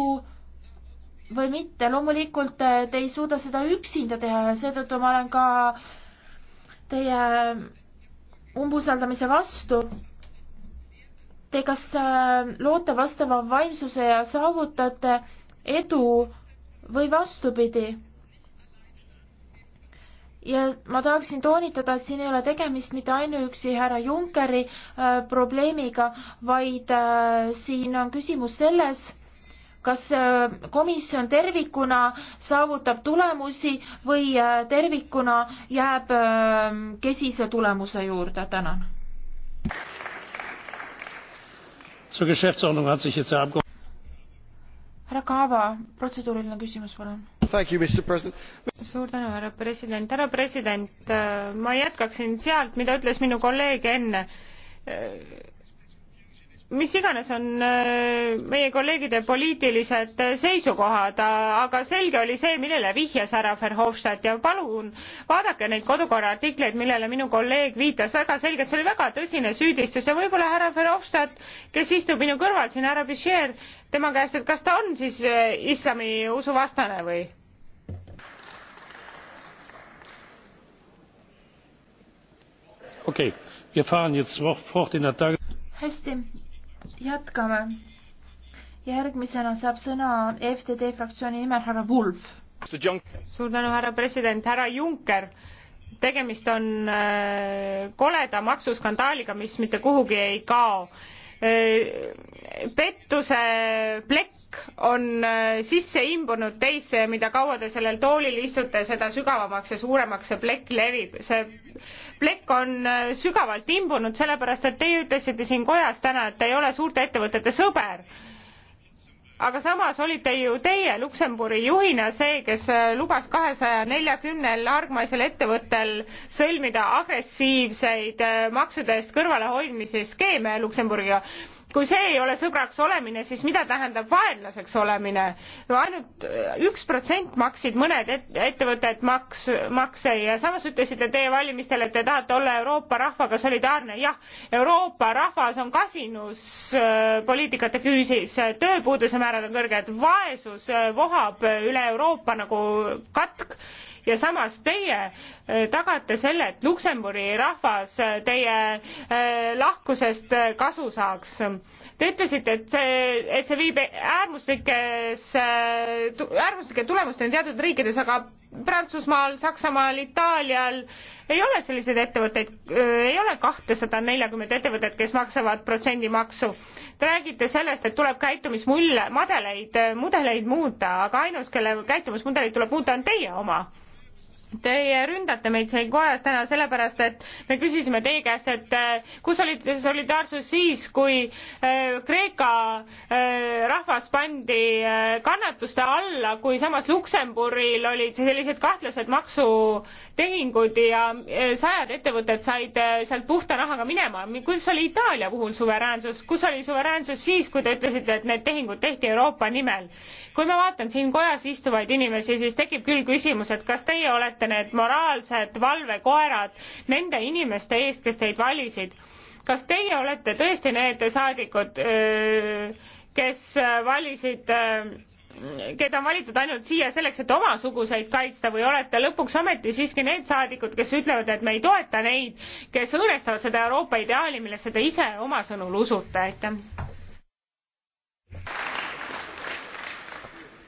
või mitte, loomulikult äh, te ei suuda seda üksinda teha ja seetõttu ma olen ka teie äh, umbusaldamise vastu. Te kas äh, loote vastava vaimsuse ja saavutate edu või vastupidi? ja ma tahaksin toonitada, et siin ei ole tegemist mitte ainuüksi härra Junckeri äh, probleemiga, vaid äh, siin on küsimus selles, kas äh, komisjon tervikuna saavutab tulemusi või äh, tervikuna jääb äh, kesise tulemuse juurde, tänan. härra Kaava, protseduuriline küsimus, palun suur tänu härra president härra president äh, ma jätkaksin sealt mida ütles minu kolleeg enne äh, mis iganes on äh, meie kolleegide poliitilised seisukohad aga selge oli see millele vihjas härra verhofstadt ja palun vaadake neid kodukorra artikleid millele minu kolleeg viitas väga selgelt see oli väga tõsine süüdistus ja võibolla härra verhofstadt kes istub minu kõrval siin härra bichir tema käest et kas ta on siis islami usu vastane või? Okay. hästi jätkame järgmisena saab sõna FDD fraktsiooni nimel härra Wolf suur tänu härra president härra Juncker tegemist on äh, koleda maksuskandaaliga mis mitte kuhugi ei kao Äh, pettuse plekk on äh, sisse imbunud teisse ja mida kaua te sellel toolil istute, seda sügavamaks ja suuremaks see plekk levib. see plekk on äh, sügavalt imbunud, sellepärast et teie ütlesite siin kojas täna, et te ei ole suurte ettevõtete sõber aga samas olite ju teie Luksemburi juhina see, kes äh, lubas kahesaja neljakümnel hargmaisel ettevõttel sõlmida agressiivseid äh, maksudest kõrvalehoidmise skeeme Luksemburgiga kui see ei ole sõbraks olemine, siis mida tähendab vaenlaseks olemine? ainult üks protsent maksid mõned ettevõtted maks, makse ja samas ütlesite teie valimistel, et te tahate olla Euroopa rahvaga solidaarne. jah, Euroopa rahvas on kasinus äh, poliitikate küüsis, tööpuuduse määrad on kõrged, vaesus äh, vohab äh, üle Euroopa nagu katk ja samas teie eh, tagate selle, et Luksemburi rahvas eh, teie eh, lahkusest kasu saaks. Te ütlesite, et see, et see viib äärmuslikes, äärmuslike tulemusteni teatud riikides, aga Prantsusmaal, Saksamaal, Itaalial ei ole selliseid ettevõtteid, ei ole kahtesada neljakümmet ettevõtet, kes maksavad protsendimaksu. Te räägite sellest, et tuleb käitumismulle, madeleid, mudeleid muuta, aga ainus, kelle käitumismudeleid tuleb muuta, on teie oma Teie ründate meid siin kojas täna sellepärast, et me küsisime teie käest, et äh, kus oli solidaarsus siis, kui äh, Kreeka äh, rahvas pandi kannatuste alla, kui samas Luksemburil olid sellised kahtlased maksutehingud ja sajad ettevõtted said sealt puhta rahaga minema. kus oli Itaalia puhul suveräänsus, kus oli suveräänsus siis, kui te ütlesite, et need tehingud tehti Euroopa nimel? kui ma vaatan siin kojas istuvaid inimesi, siis tekib küll küsimus, et kas teie olete need moraalsed valvekoerad nende inimeste eest, kes teid valisid. kas teie olete tõesti need saadikud, kes valisid keda on valitud ainult siia selleks, et omasuguseid kaitsta või olete lõpuks ometi siiski need saadikud, kes ütlevad, et me ei toeta neid, kes õõnestavad seda Euroopa ideaali, millesse te ise oma sõnul usute, aitäh.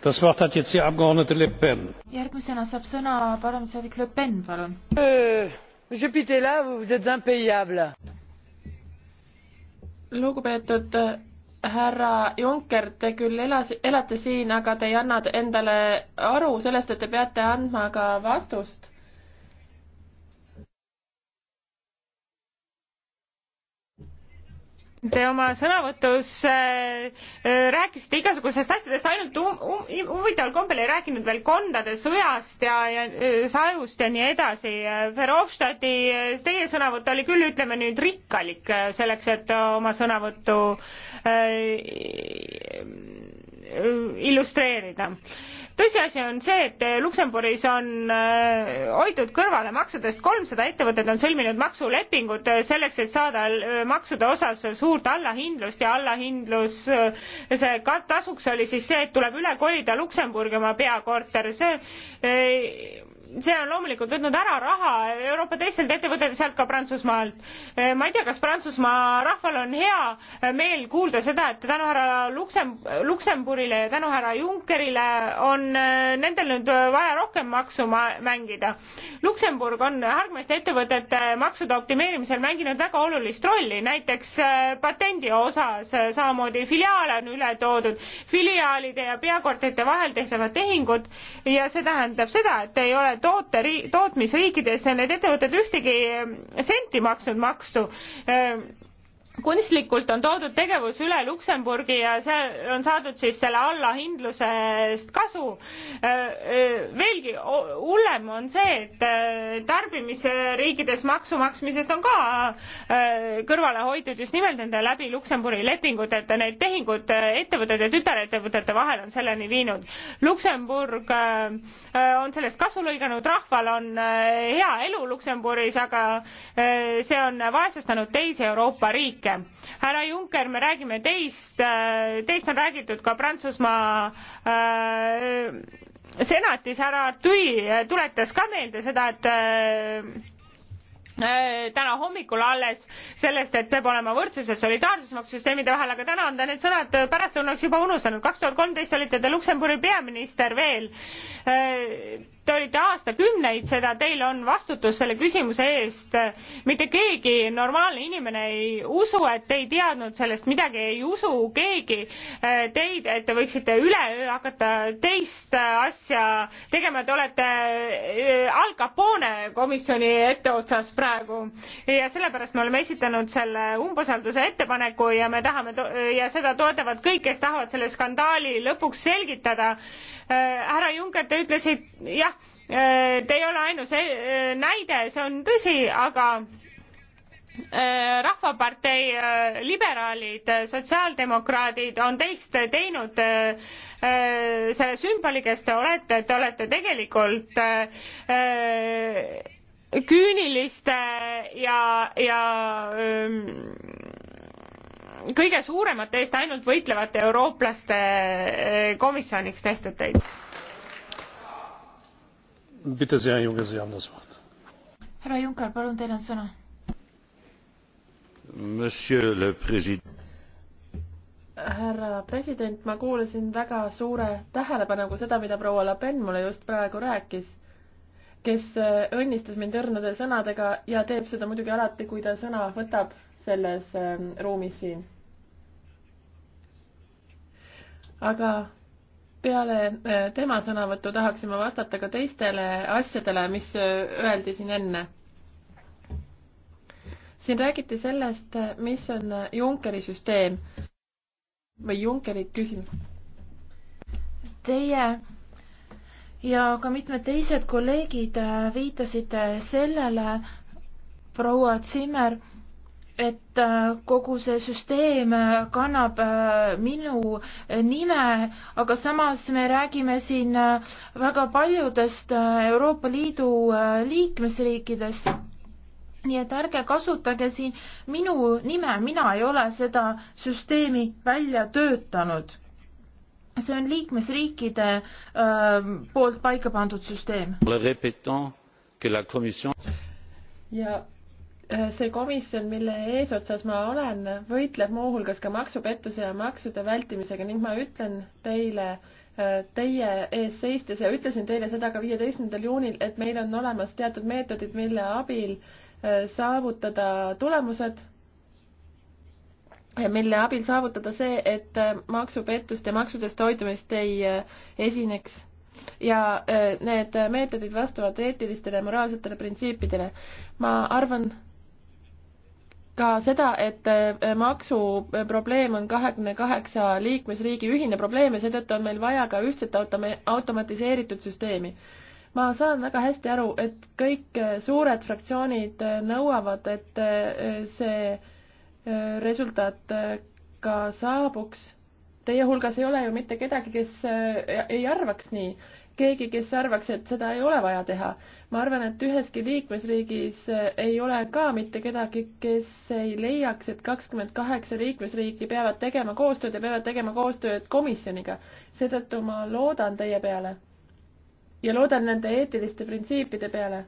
järgmisena saab sõna parlamendisaadik le pen palun. Euh, lugupeetud äh, härra juncker te küll elas elate siin aga te ei anna endale aru sellest et te peate andma ka vastust Te oma sõnavõtus äh, äh rääkisite igasugusest asjadest, ainult huvitaval um, um, kombel ei rääkinud veel kondade sõjast ja, ja äh, sajust ja nii edasi. Verhofstadti, äh, teie sõnavõtt oli küll, ütleme nüüd rikkalik selleks, et oma sõnavõttu äh, illustreerida äh, tõsiasi on see, et Luksemburgis on äh, hoitud kõrvale maksudest, kolmsada ettevõtet on sõlminud maksulepingud äh, selleks, et saada äh, maksude osas suurt allahindlust ja allahindlus, see tasuks oli siis see, et tuleb üle kolida Luksemburgi oma peakorter, see see on loomulikult võtnud ära raha Euroopa teistelt ettevõtetelt, sealt ka Prantsusmaalt. Eh, ma ei tea, kas Prantsusmaa rahval on hea meel kuulda seda, et tänu härra Luksem-, Luksemburile ja tänu härra Junckerile on eh, nendel nüüd vaja rohkem maksu ma-, mängida. Luksemburg on hargmaiste ettevõtete maksude optimeerimisel mänginud väga olulist rolli, näiteks eh, patendi osas samamoodi filiaale on üle toodud, filiaalide ja peakorterite vahel tehtavad tehingud ja see tähendab seda, et ei ole toote, tootmisriikides need ettevõtted ühtegi senti maksnud maksu äh, kunstlikult on toodud tegevus üle Luksemburgi ja seal on saadud siis selle allahindlusest kasu. Äh, äh, veelgi hullem on see, et äh, tarbimisriikides maksu maksmisest on ka kõrvale hoitud just nimelt nende läbi Luksemburgi lepingud, et need tehingud ettevõtete ja tütarettevõtete vahel on selleni viinud. Luksemburg on sellest kasu lõiganud, rahval on hea elu Luksemburgis, aga see on vaesestanud teisi Euroopa riike riike. härra Juncker, me räägime teist, äh, teist on räägitud ka Prantsusmaa äh, senatis, härra Artui äh, tuletas ka meelde seda, et täna hommikul alles sellest, et peab olema võrdsus ja solidaarsus maksusüsteemide vahel, aga täna on ta need sõnad pärastlõunaks juba unustanud. kaks tuhat kolmteist olite te Luksemburgi peaminister veel te olite aastakümneid seda, teil on vastutus selle küsimuse eest. mitte keegi normaalne inimene ei usu, et te ei teadnud sellest midagi, ei usu keegi äh, teid, et te võiksite üleöö hakata teist äh, asja tegema, te olete äh, Al Capone komisjoni etteotsas praegu ja sellepärast me oleme esitanud selle umbusalduse ettepaneku ja me tahame ja seda toetavad kõik, kes tahavad selle skandaali lõpuks selgitada Äh, härra Juncker, te ütlesite jah, äh, te ei ole ainus äh, näide, see on tõsi, aga rahvapartei liberaalid, sotsiaaldemokraadid on teist teinud selle sümboli, kes te olete, te olete tegelikult küüniliste ja, ja ähm, kõige suuremate eest ainult võitlevate eurooplaste eh, komisjoniks tehtud teid. härra Juncker, palun, teil on sõna. härra president, ma kuulasin väga suure tähelepanuga seda, mida proua Le Pen mulle just praegu rääkis kes eh, õnnistas mind õrnade sõnadega ja teeb seda muidugi alati, kui ta sõna võtab selles ähm, ruumis siin. aga peale äh, tema sõnavõttu tahaksime vastata ka teistele asjadele, mis äh, öeldi siin enne. siin räägiti sellest, äh, mis on Junckeri süsteem või Junckeri küsimus. Teie ja ka mitmed teised kolleegid viitasite sellele, proua Zimmer et äh, kogu see süsteem äh, kannab äh, minu nime, aga samas me räägime siin väga paljudest Euroopa Liidu liikmesriikidest. nii et ärge kasutage siin minu nime, mina ei ole seda süsteemi välja töötanud. see on liikmesriikide öö, poolt paika pandud süsteem. ja see komisjon, mille eesotsas ma olen, võitleb muuhulgas ka maksupettuse ja maksude vältimisega ning ma ütlen teile, äh, teie ees seistes ja ütlesin teile seda ka viieteistkümnendal juunil, et meil on olemas teatud meetodid, mille abil äh, saavutada tulemused, mille abil saavutada see, et äh, maksupettust ja maksudest hoidumist ei esineks ja need meetodid vastavad eetilistele ja moraalsetele printsiipidele. ma arvan, ka seda, et äh, maksuprobleem on kahekümne kaheksa liikmesriigi ühine probleem ja seetõttu on meil vaja ka ühtset automa-, automatiseeritud süsteemi. ma saan väga hästi aru, et kõik äh, suured fraktsioonid äh, nõuavad, et see resultaat ka saabuks. Teie hulgas ei ole ju mitte kedagi, kes ei arvaks nii keegi, kes arvaks, et seda ei ole vaja teha. ma arvan, et üheski liikmesriigis ei ole ka mitte kedagi, kes ei leiaks, et kakskümmend kaheksa liikmesriiki peavad tegema koostööd ja peavad tegema koostööd komisjoniga. seetõttu ma loodan teie peale ja loodan nende eetiliste printsiipide peale.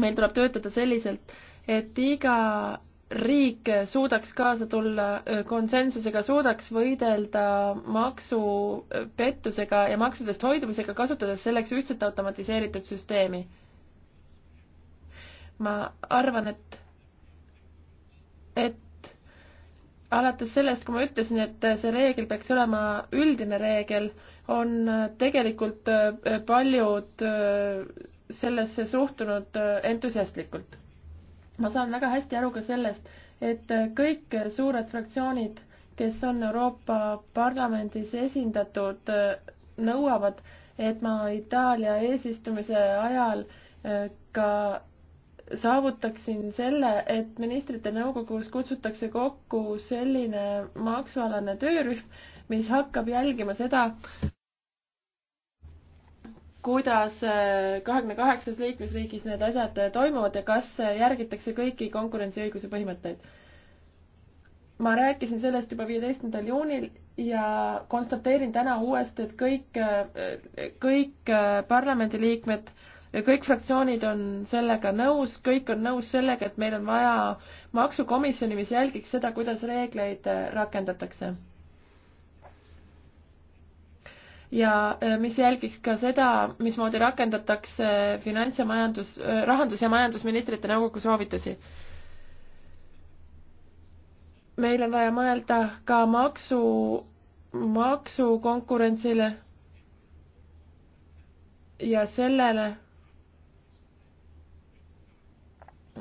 meil tuleb töötada selliselt, et iga riik suudaks kaasa tulla konsensusega, suudaks võidelda maksupettusega ja maksudest hoidumisega, kasutades selleks ühtset automatiseeritud süsteemi. ma arvan, et, et alates sellest, kui ma ütlesin, et see reegel peaks olema üldine reegel, on tegelikult paljud sellesse suhtunud entusiastlikult ma saan väga hästi aru ka sellest, et kõik suured fraktsioonid, kes on Euroopa Parlamendis esindatud, nõuavad, et ma Itaalia eesistumise ajal äh, ka saavutaksin selle, et ministrite nõukogus kutsutakse kokku selline maksualane töörühm, mis hakkab jälgima seda, kuidas äh, kahekümne kaheksas liikmesriigis need asjad äh, toimuvad ja kas äh, järgitakse kõiki konkurentsiõiguse põhimõtteid. ma rääkisin sellest juba viieteistkümnendal juunil ja konstateerin täna uuesti, et kõik, kõik parlamendiliikmed kõik fraktsioonid on sellega nõus, kõik on nõus sellega, et meil on vaja maksukomisjoni, mis jälgiks seda, kuidas reegleid rakendatakse ja äh, mis jälgiks ka seda, mismoodi rakendatakse finants- ja majandus, äh, rahandus- ja majandusministrite nõukogu soovitusi. meil on vaja mõelda ka maksu, maksukonkurentsile ja sellele,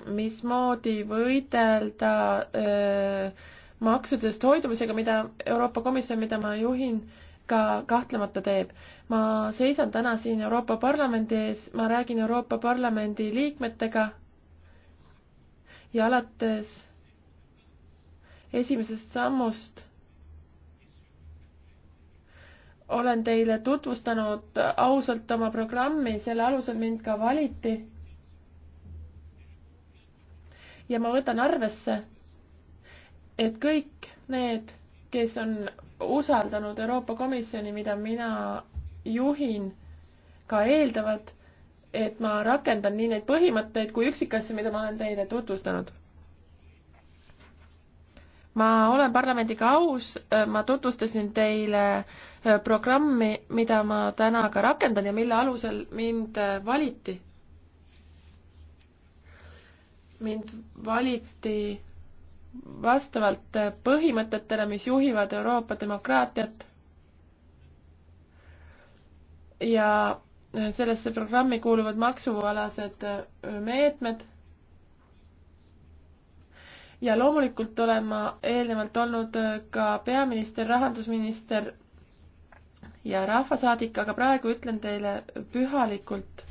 mismoodi võidelda öö, äh, maksudest hoidumisega, mida Euroopa Komisjon, mida ma juhin, ka kahtlemata teeb. ma seisan täna siin Euroopa Parlamendi ees, ma räägin Euroopa Parlamendi liikmetega ja alates esimesest sammust olen teile tutvustanud ausalt oma programmi, selle alusel mind ka valiti. ja ma võtan arvesse, et kõik need, kes on usaldanud Euroopa Komisjoni, mida mina juhin, ka eeldavad, et ma rakendan nii neid põhimõtteid kui üksikasju, mida ma olen teile tutvustanud. ma olen parlamendiga aus, ma tutvustasin teile äh, programmi, mida ma täna ka rakendan ja mille alusel mind äh, valiti. mind valiti vastavalt põhimõtetele, mis juhivad Euroopa demokraatiat ja sellesse programmi kuuluvad maksualased meetmed. ja loomulikult olen ma eelnevalt olnud ka peaminister, rahandusminister ja rahvasaadik, aga praegu ütlen teile pühalikult.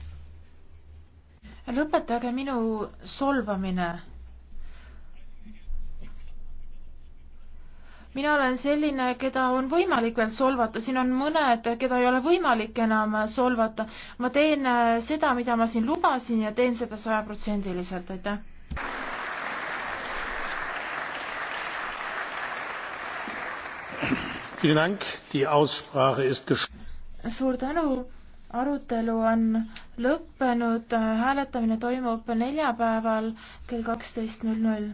lõpetage minu solvamine mina olen selline, keda on võimalik veel solvata, siin on mõned, keda ei ole võimalik enam solvata. ma teen äh, seda, mida ma siin lubasin ja teen seda sajaprotsendiliselt, aitäh. suur tänu, arutelu on lõppenud, hääletamine toimub neljapäeval kell kaksteist null null.